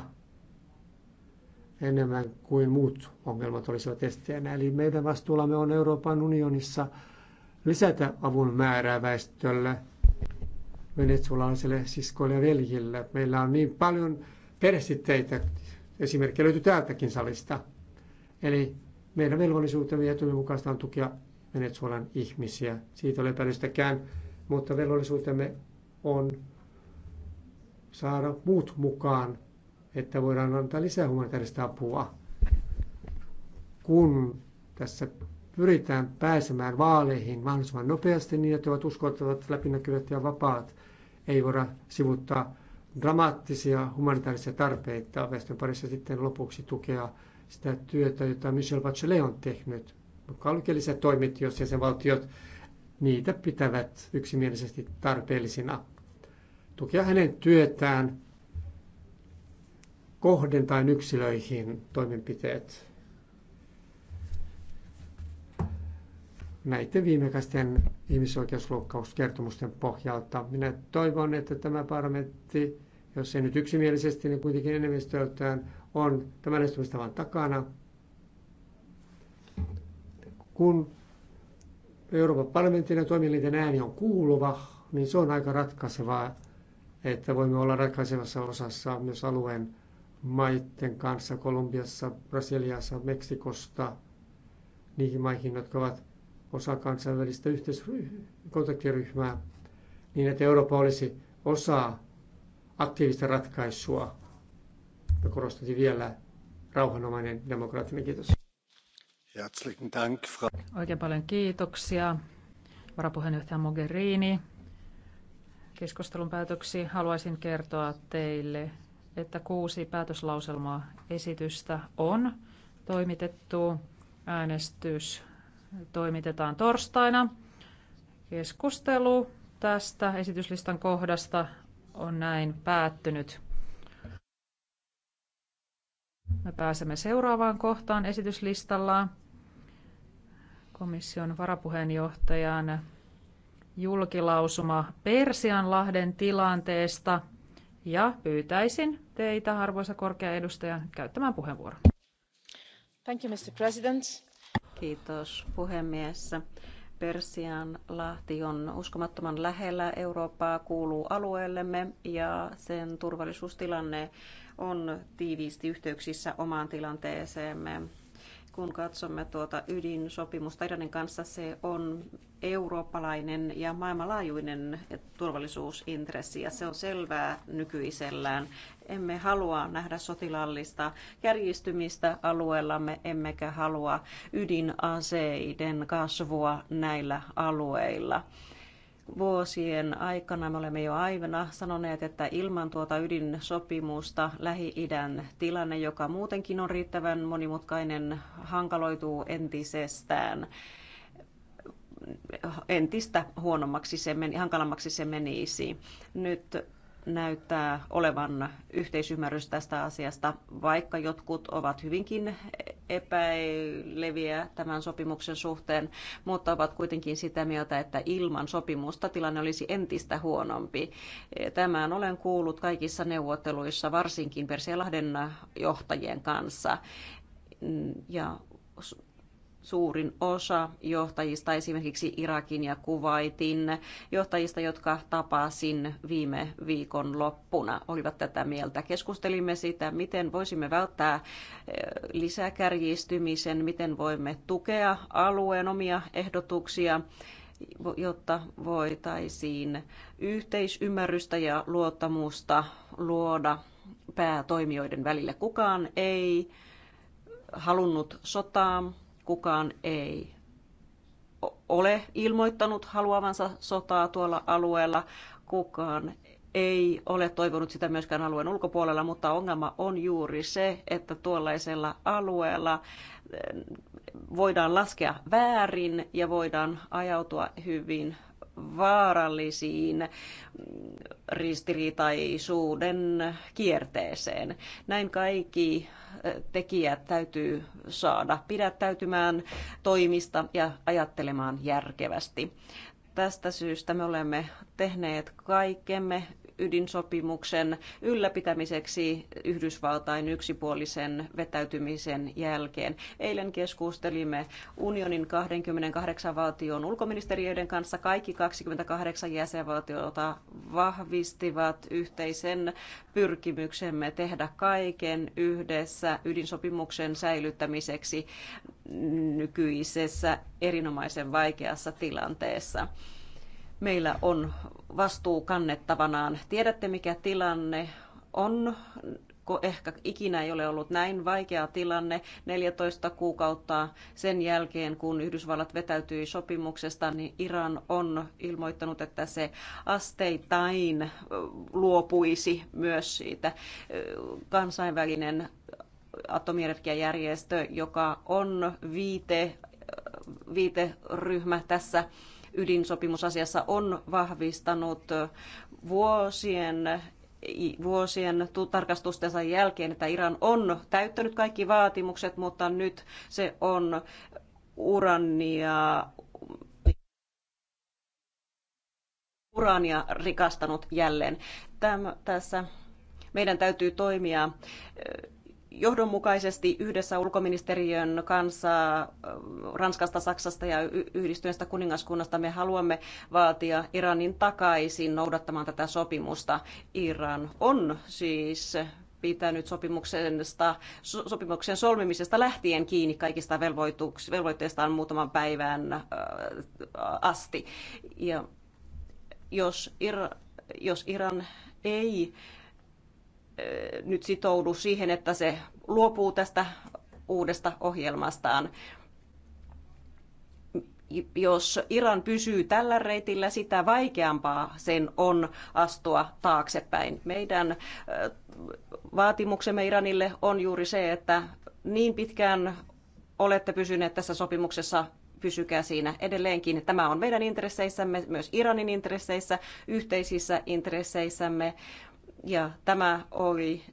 enemmän kuin muut ongelmat olisivat esteenä. Eli meidän vastuullamme on Euroopan unionissa lisätä avun määrää väestölle venezuelalaisille siskoille ja veljille. Meillä on niin paljon perhesitteitä, esimerkki löytyy täältäkin salista. Eli meidän velvollisuutemme ja työmme mukaista on tukea Venezuelan ihmisiä. Siitä ei ole mutta velvollisuutemme on saada muut mukaan, että voidaan antaa lisää humanitaarista apua, kun tässä pyritään pääsemään vaaleihin mahdollisimman nopeasti niin, että ovat uskottavat, läpinäkyvät ja vapaat. Ei voida sivuttaa dramaattisia humanitaarisia tarpeita väestön parissa sitten lopuksi tukea sitä työtä, jota Michel Bachelet on tehnyt. Kalkeelliset toimit, jos jäsenvaltiot niitä pitävät yksimielisesti tarpeellisina. Tukea hänen työtään kohdentain yksilöihin toimenpiteet. näiden viimekäisten ihmisoikeusloukkauskertomusten pohjalta. Minä toivon, että tämä parlamentti, jos ei nyt yksimielisesti, niin kuitenkin enemmistöltään on tämän estämistavan takana. Kun Euroopan parlamentin ja toimielinten ääni on kuuluva, niin se on aika ratkaisevaa, että voimme olla ratkaisevassa osassa myös alueen maiden kanssa Kolumbiassa, Brasiliassa, Meksikosta, niihin maihin, jotka ovat osa kansainvälistä kontaktiryhmää niin, että Eurooppa olisi osa aktiivista ratkaisua. Ja korostin vielä rauhanomainen demokraattinen kiitos. Dank, Frau. Oikein paljon kiitoksia, varapuheenjohtaja Mogherini. Keskustelun päätöksi haluaisin kertoa teille, että kuusi päätöslauselmaa esitystä on toimitettu äänestys toimitetaan torstaina. Keskustelu tästä esityslistan kohdasta on näin päättynyt. Me pääsemme seuraavaan kohtaan esityslistalla komission varapuheenjohtajan julkilausuma Persianlahden tilanteesta ja pyytäisin teitä, arvoisa korkea edustaja, käyttämään puheenvuoron. Thank you, Mr. President. Kiitos puhemies. Persian lahti on uskomattoman lähellä Eurooppaa, kuuluu alueellemme ja sen turvallisuustilanne on tiiviisti yhteyksissä omaan tilanteeseemme kun katsomme tuota ydinsopimusta Iranin kanssa, se on eurooppalainen ja maailmanlaajuinen turvallisuusintressi ja se on selvää nykyisellään. Emme halua nähdä sotilaallista kärjistymistä alueellamme, emmekä halua ydinaseiden kasvua näillä alueilla vuosien aikana me olemme jo aivena sanoneet, että ilman tuota ydinsopimusta Lähi-idän tilanne, joka muutenkin on riittävän monimutkainen, hankaloituu entisestään entistä huonommaksi se meni, hankalammaksi se menisi. Nyt näyttää olevan yhteisymmärrys tästä asiasta, vaikka jotkut ovat hyvinkin epäileviä tämän sopimuksen suhteen, mutta ovat kuitenkin sitä mieltä, että ilman sopimusta tilanne olisi entistä huonompi. Tämän olen kuullut kaikissa neuvotteluissa, varsinkin Persialahden johtajien kanssa. Ja suurin osa johtajista, esimerkiksi Irakin ja Kuwaitin johtajista, jotka tapasin viime viikon loppuna, olivat tätä mieltä. Keskustelimme siitä, miten voisimme välttää eh, lisäkärjistymisen, miten voimme tukea alueen omia ehdotuksia jotta voitaisiin yhteisymmärrystä ja luottamusta luoda päätoimijoiden välille. Kukaan ei halunnut sotaa, kukaan ei ole ilmoittanut haluavansa sotaa tuolla alueella, kukaan ei ole toivonut sitä myöskään alueen ulkopuolella, mutta ongelma on juuri se, että tuollaisella alueella eh, voidaan laskea väärin ja voidaan ajautua hyvin vaarallisiin ristiriitaisuuden kierteeseen. Näin kaikki tekijät täytyy saada pidättäytymään toimista ja ajattelemaan järkevästi. Tästä syystä me olemme tehneet kaikkemme ydinsopimuksen ylläpitämiseksi Yhdysvaltain yksipuolisen vetäytymisen jälkeen. Eilen keskustelimme unionin 28 valtion ulkoministeriöiden kanssa. Kaikki 28 jäsenvaltiota vahvistivat yhteisen pyrkimyksemme tehdä kaiken yhdessä ydinsopimuksen säilyttämiseksi nykyisessä erinomaisen vaikeassa tilanteessa meillä on vastuu kannettavanaan. Tiedätte, mikä tilanne on ehkä ikinä ei ole ollut näin vaikea tilanne 14 kuukautta sen jälkeen, kun Yhdysvallat vetäytyi sopimuksesta, niin Iran on ilmoittanut, että se asteittain luopuisi myös siitä kansainvälinen atomienergiajärjestö, joka on viite, viiteryhmä tässä ydinsopimusasiassa on vahvistanut vuosien vuosien tarkastustensa jälkeen, että Iran on täyttänyt kaikki vaatimukset, mutta nyt se on urania urania rikastanut jälleen. Täm, tässä meidän täytyy toimia johdonmukaisesti yhdessä ulkoministeriön kanssa Ranskasta, Saksasta ja yhdistyneestä kuningaskunnasta me haluamme vaatia Iranin takaisin noudattamaan tätä sopimusta. Iran on siis pitänyt sopimuksen solmimisesta lähtien kiinni kaikista velvoitteistaan muutaman päivän asti. Ja jos, Ira, jos Iran ei Eh, nyt sitoudu siihen, että se luopuu tästä uudesta ohjelmastaan. Jos Iran pysyy tällä reitillä, sitä vaikeampaa sen on astua taaksepäin. Meidän eh, vaatimuksemme Iranille on juuri se, että niin pitkään olette pysyneet tässä sopimuksessa pysykää siinä edelleenkin. Tämä on meidän intresseissämme, myös Iranin intresseissä, yhteisissä intresseissämme ja tämä oli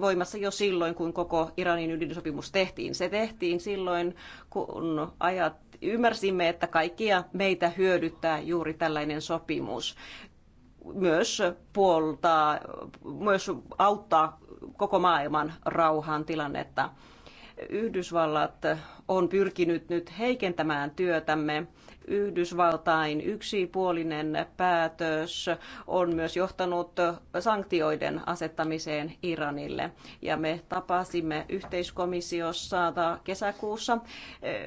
voimassa jo silloin, kun koko Iranin ydinsopimus tehtiin. Se tehtiin silloin, kun ajat, ymmärsimme, että kaikkia meitä hyödyttää juuri tällainen sopimus. Myös puoltaa, myös auttaa koko maailman rauhan tilannetta. Yhdysvallat on pyrkinyt nyt heikentämään työtämme. Yhdysvaltain yksipuolinen päätös on myös johtanut sanktioiden asettamiseen Iranille. Ja me tapasimme yhteiskomissiossa kesäkuussa eh,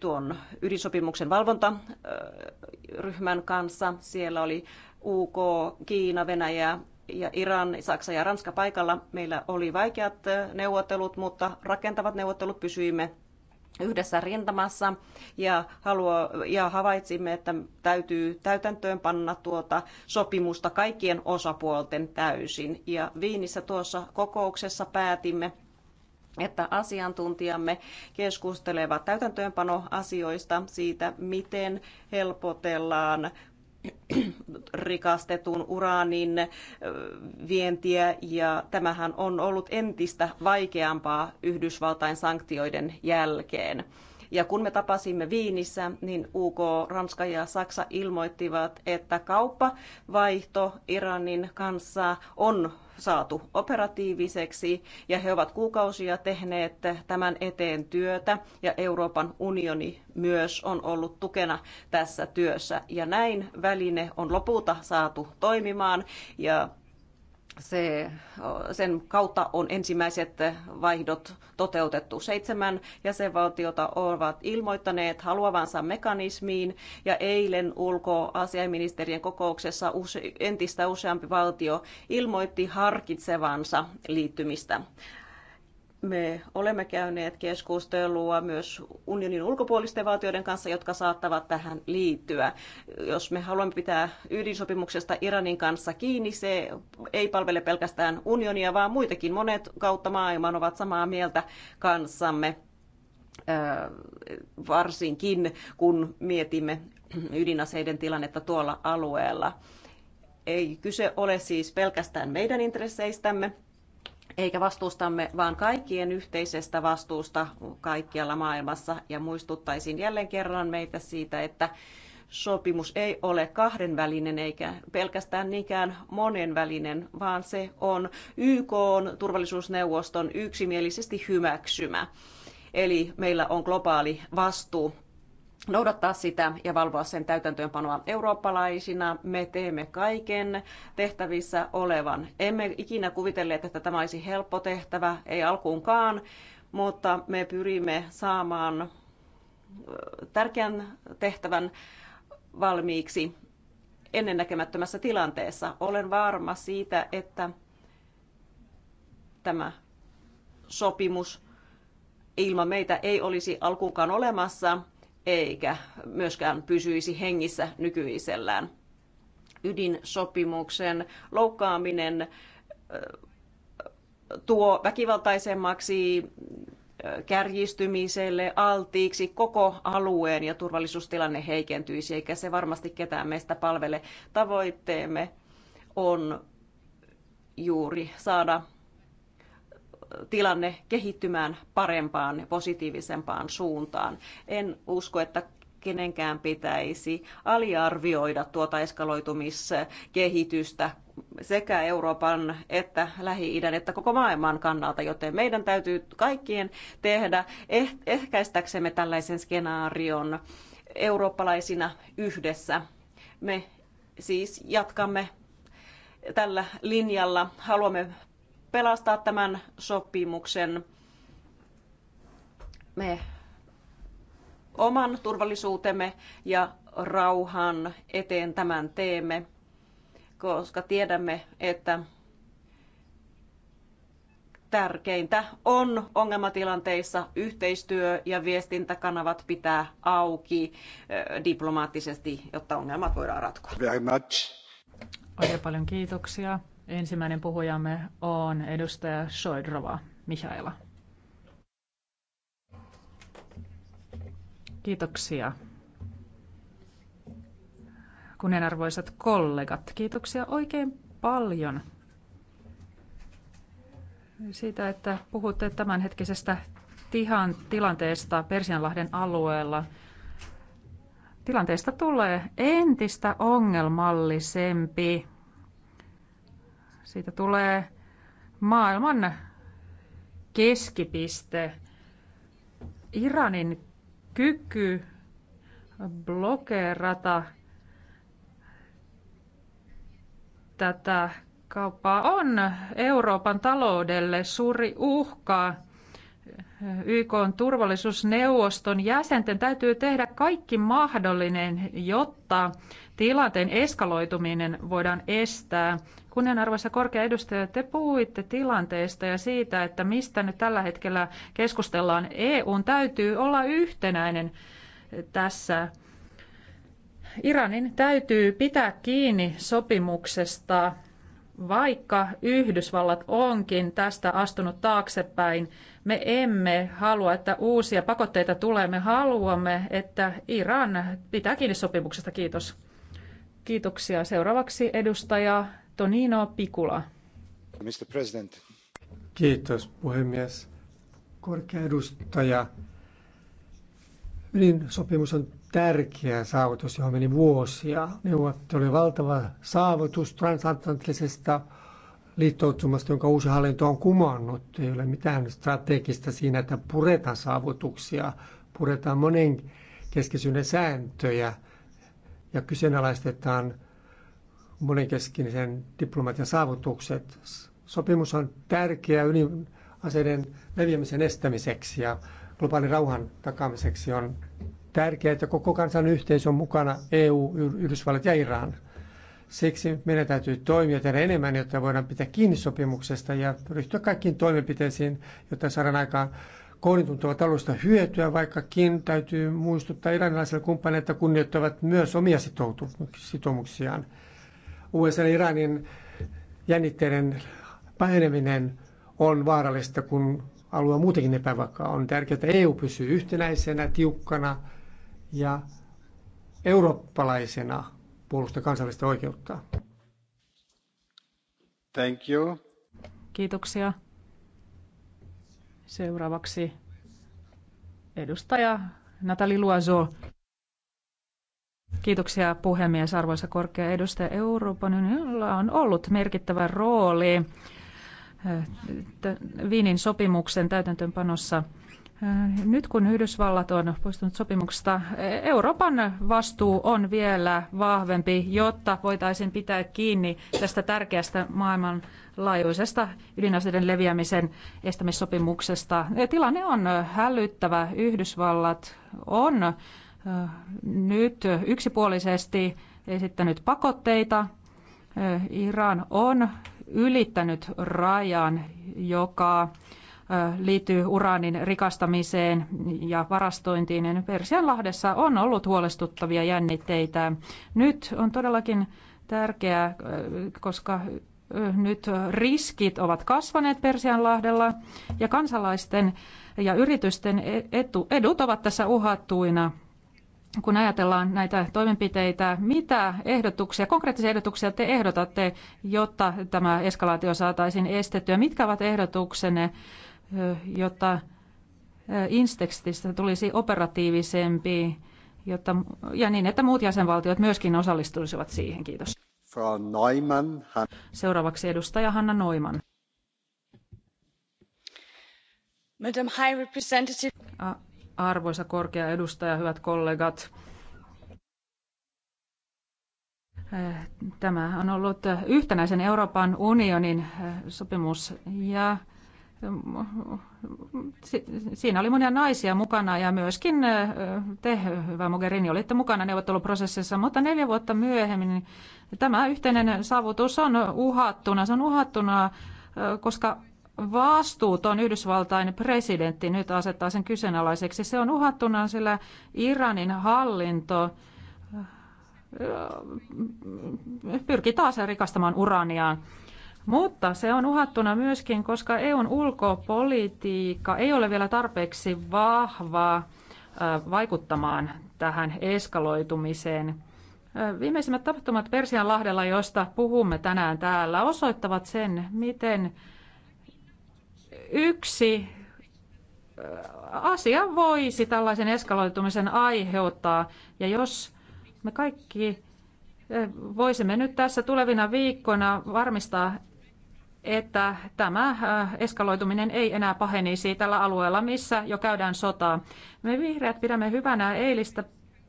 tuon ydinsopimuksen valvontaryhmän eh, kanssa. Siellä oli UK, Kiina, Venäjä, ja Iran, Saksa ja Ranska paikalla. Meillä oli vaikeat neuvottelut, mutta rakentavat neuvottelut pysyimme yhdessä rintamassa ja, haluo, ja havaitsimme, että täytyy täytäntöön panna tuota sopimusta kaikkien osapuolten täysin. Ja Viinissä tuossa kokouksessa päätimme, että asiantuntijamme keskustelevat täytäntöönpanoasioista siitä, miten helpotellaan rikastetun uraanin vientiä ja tämähän on ollut entistä vaikeampaa Yhdysvaltain sanktioiden jälkeen. Ja kun me tapasimme Viinissä, niin UK, Ranska ja Saksa ilmoittivat, että kauppavaihto Iranin kanssa on saatu operatiiviseksi ja he ovat kuukausia tehneet tämän eteen työtä ja Euroopan unioni myös on ollut tukena tässä työssä. Ja näin väline on lopulta saatu toimimaan ja se, sen kautta on ensimmäiset vaihdot toteutettu. Seitsemän jäsenvaltiota ovat ilmoittaneet haluavansa mekanismiin ja eilen ulkoasiaministerien kokouksessa entistä useampi valtio ilmoitti harkitsevansa liittymistä me olemme käyneet keskustelua myös unionin ulkopuolisten valtioiden kanssa, jotka saattavat tähän liittyä. Jos me haluamme pitää ydinsopimuksesta Iranin kanssa kiinni, se ei palvele pelkästään unionia, vaan muitakin. Monet kautta maailman ovat samaa mieltä kanssamme, varsinkin kun mietimme ydinaseiden tilannetta tuolla alueella. Ei kyse ole siis pelkästään meidän intresseistämme, eikä vastuustamme, vaan kaikkien yhteisestä vastuusta kaikkialla maailmassa. Ja muistuttaisin jälleen kerran meitä siitä, että sopimus ei ole kahdenvälinen eikä pelkästään niinkään monenvälinen, vaan se on YK on turvallisuusneuvoston yksimielisesti hyväksymä. Eli meillä on globaali vastuu noudattaa sitä ja valvoa sen täytäntöönpanoa. Eurooppalaisina me teemme kaiken tehtävissä olevan. Emme ikinä kuvitelleet, että tämä olisi helppo tehtävä, ei alkuunkaan, mutta me pyrimme saamaan tärkeän tehtävän valmiiksi ennennäkemättömässä tilanteessa. Olen varma siitä, että tämä sopimus ilman meitä ei olisi alkuunkaan olemassa eikä myöskään pysyisi hengissä nykyisellään. Ydinsopimuksen loukkaaminen tuo väkivaltaisemmaksi kärjistymiselle altiiksi koko alueen ja turvallisuustilanne heikentyisi, eikä se varmasti ketään meistä palvele. Tavoitteemme on juuri saada tilanne kehittymään parempaan ja positiivisempaan suuntaan. En usko, että kenenkään pitäisi aliarvioida tuota eskaloitumiskehitystä sekä Euroopan että Lähi-idän että koko maailman kannalta, joten meidän täytyy kaikkien tehdä eh-, ehkäistäksemme tällaisen skenaarion eurooppalaisina yhdessä. Me siis jatkamme tällä linjalla. Haluamme pelastaa tämän sopimuksen. Me oman turvallisuutemme ja rauhan eteen tämän teemme, koska tiedämme, että tärkeintä on ongelmatilanteissa yhteistyö ja viestintäkanavat pitää auki diplomaattisesti, jotta ongelmat voidaan ratkoa. Very much. Oikein paljon kiitoksia. Ensimmäinen puhujamme on edustaja Soidrova Mihaila. Kiitoksia. Kunnianarvoisat kollegat, kiitoksia oikein paljon siitä, että puhutte tämänhetkisestä tihan tilanteesta Persianlahden alueella. Tilanteesta tulee entistä ongelmallisempi siitä tulee maailman keskipiste. Iranin kyky blokeerata tätä kauppaa on Euroopan taloudelle suuri uhka. YK on turvallisuusneuvoston jäsenten täytyy tehdä kaikki mahdollinen, jotta tilanteen eskaloituminen voidaan estää. Kunnianarvoisa korkea edustaja, te puhuitte tilanteesta ja siitä, että mistä nyt tällä hetkellä keskustellaan. EU täytyy olla yhtenäinen tässä. Iranin täytyy pitää kiinni sopimuksesta, vaikka Yhdysvallat onkin tästä astunut taaksepäin. Me emme halua, että uusia pakotteita tulee. Me haluamme, että Iran pitää kiinni sopimuksesta. Kiitos. Kiitoksia. Seuraavaksi edustaja Tonino Pikula. Mr. President. Kiitos puhemies. Korkea edustaja. Ydin sopimus on tärkeä saavutus, johon meni vuosia. Neuvottelu oli valtava saavutus transatlanttisesta liittoutumasta, jonka uusi hallinto on kumonnut. Ei ole mitään strategista siinä, että puretaan saavutuksia, puretaan monen keskisyyden sääntöjä – ja kyseenalaistetaan monenkeskisen diplomatian saavutukset. Sopimus on tärkeä ydinaseiden leviämisen estämiseksi ja globaalin rauhan takaamiseksi on tärkeää, että koko kansan yhteisö on mukana EU, Yhdysvallat ja Iran. Siksi meidän täytyy toimia tehdä enemmän, jotta voidaan pitää kiinni sopimuksesta ja ryhtyä kaikkiin toimenpiteisiin, jotta saadaan aikaan kohdintuntua taloudellista hyötyä, vaikkakin täytyy muistuttaa iranilaisille kumppaneille, että kunnioittavat myös omia sitoumuksiaan. USA ja Iranin jännitteiden paheneminen on vaarallista, kun alue on muutenkin epävakaa. On tärkeää, että EU pysyy yhtenäisenä, tiukkana ja eurooppalaisena puolusta kansallista oikeutta. Thank you. Kiitoksia. Seuraavaksi edustaja Natali Luazo. Kiitoksia puhemies, arvoisa korkea edustaja Euroopan unionilla on ollut merkittävä rooli Viinin eh, sopimuksen täytäntöönpanossa Äh, nyt kun Yhdysvallat on poistunut sopimuksesta, e- Euroopan vastuu on vielä vahvempi, jotta voitaisiin pitää kiinni tästä tärkeästä maailmanlaajuisesta ydinaseiden leviämisen estämissopimuksesta. E, tilanne on hälyttävä. Yhdysvallat on äh, nyt yksipuolisesti esittänyt pakotteita. Äh, Iran on ylittänyt rajan, joka liittyy uraanin rikastamiseen ja varastointiin. niin Persianlahdessa on ollut huolestuttavia jännitteitä. Nyt on todellakin tärkeää, koska nyt riskit ovat kasvaneet Persianlahdella ja kansalaisten ja yritysten e-, etu, edut ovat tässä uhattuina. Kun ajatellaan näitä toimenpiteitä, mitä ehdotuksia, konkreettisia ehdotuksia te ehdotatte, jotta tämä eskalaatio saataisiin estettyä? Mitkä ovat ehdotuksenne jotta Instekstistä tulisi operatiivisempi, jotta, ja niin, että muut jäsenvaltiot myöskin osallistuisivat siihen. Kiitos. Neumann. Seuraavaksi edustaja Hanna Neumann. Madam High Representative. Arvoisa korkea edustaja, hyvät kollegat. Tämä on ollut yhtenäisen Euroopan unionin sopimus ja Siinä oli monia naisia mukana ja myöskin te, hyvä Mogherini, olitte mukana neuvotteluprosessissa, mutta neljä vuotta myöhemmin niin tämä yhteinen saavutus on uhattuna. Se on uhattuna, koska vastuuton Yhdysvaltain presidentti nyt asettaa sen kyseenalaiseksi. Se on uhattuna, sillä Iranin hallinto pyrkii taas rikastamaan uraniaan. Mutta se on uhattuna myöskin, koska EUn ulkopolitiikka ei ole vielä tarpeeksi vahvaa vaikuttamaan tähän eskaloitumiseen. Viimeisimmät tapahtumat Persianlahdella, josta puhumme tänään täällä, osoittavat sen, miten yksi asia voisi tällaisen eskaloitumisen aiheuttaa. Ja jos me kaikki voisimme nyt tässä tulevina viikkoina varmistaa, että tämä äh, eskaloituminen ei enää pahenisi tällä alueella, missä jo käydään sotaa. Me vihreät pidämme hyvänä eilistä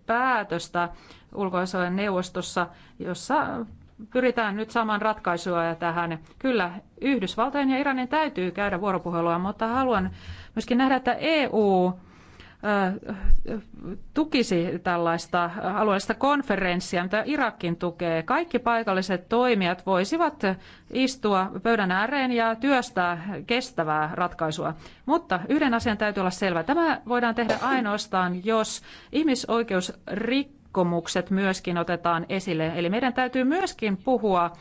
päätöstä ulkoasioiden neuvostossa, jossa pyritään nyt saamaan ratkaisua tähän. Kyllä, Yhdysvaltojen ja Iranin täytyy käydä vuoropuhelua, mutta haluan myöskin nähdä, että EU tukisi tällaista alueellista konferenssia, mitä Irakin tukee. Kaikki paikalliset toimijat voisivat istua pöydän ääreen ja työstää kestävää ratkaisua. Mutta yhden asian täytyy olla selvä. Tämä voidaan tehdä ainoastaan, jos ihmisoikeusrikkomukset myöskin otetaan esille. Eli meidän täytyy myöskin puhua